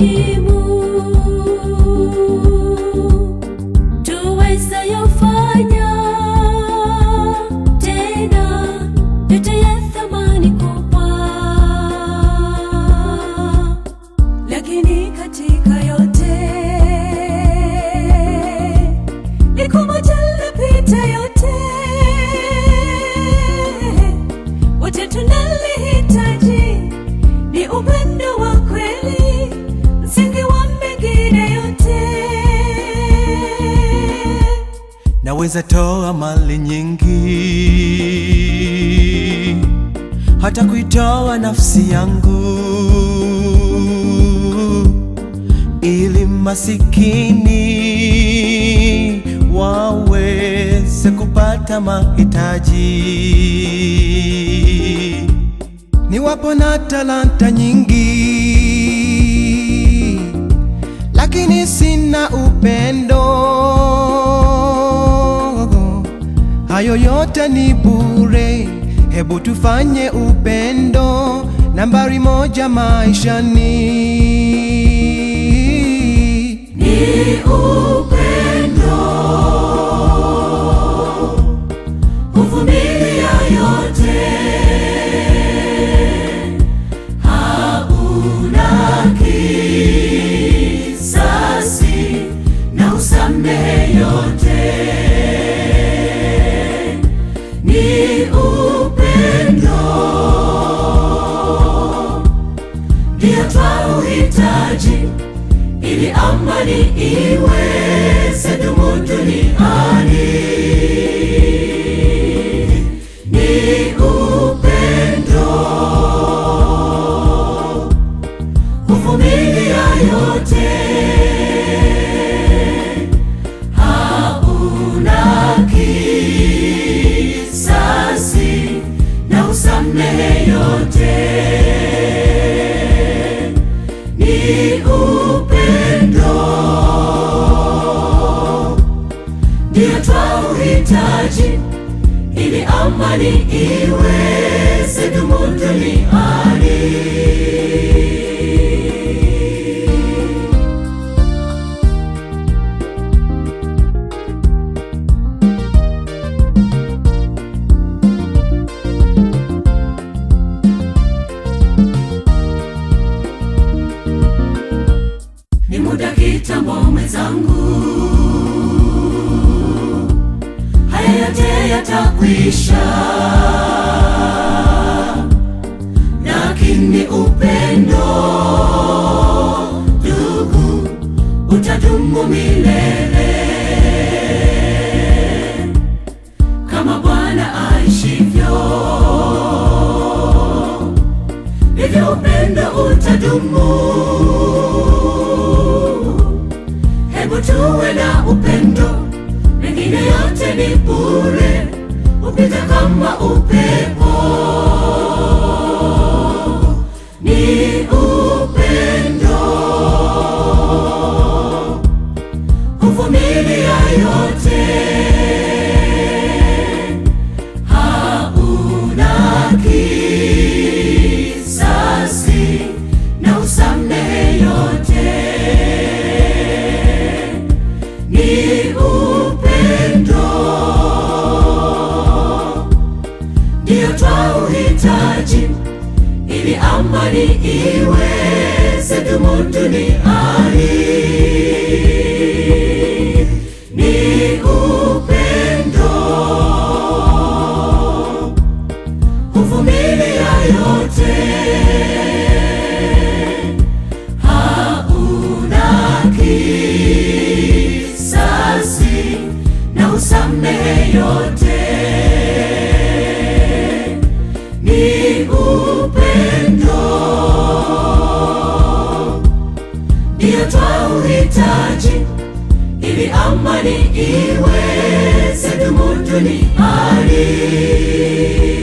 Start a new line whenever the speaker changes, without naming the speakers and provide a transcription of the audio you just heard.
You.
Naweza toa mali nyingi, hata kuitoa nafsi yangu, ili masikini waweze kupata mahitaji. Niwapo na talanta nyingi, lakini sina upendo hayo yote ni bure, hebu tufanye upendo nambari moja maishani. uhitaji ili amani iweze dumu duniani. ni upendo, ndiyo twauhitaji ili amani iweze kudumu duniani. zangu haya yote yatakwisha, lakini upendo ndugu utadumu milele. ni bure, upita kama upepo. amani iwe dumu duniani ni upendo, kuvumilia yote, hauna kisasi na usamehe yote ni upendo tunahitaji ili amani iweze kudumu duniani.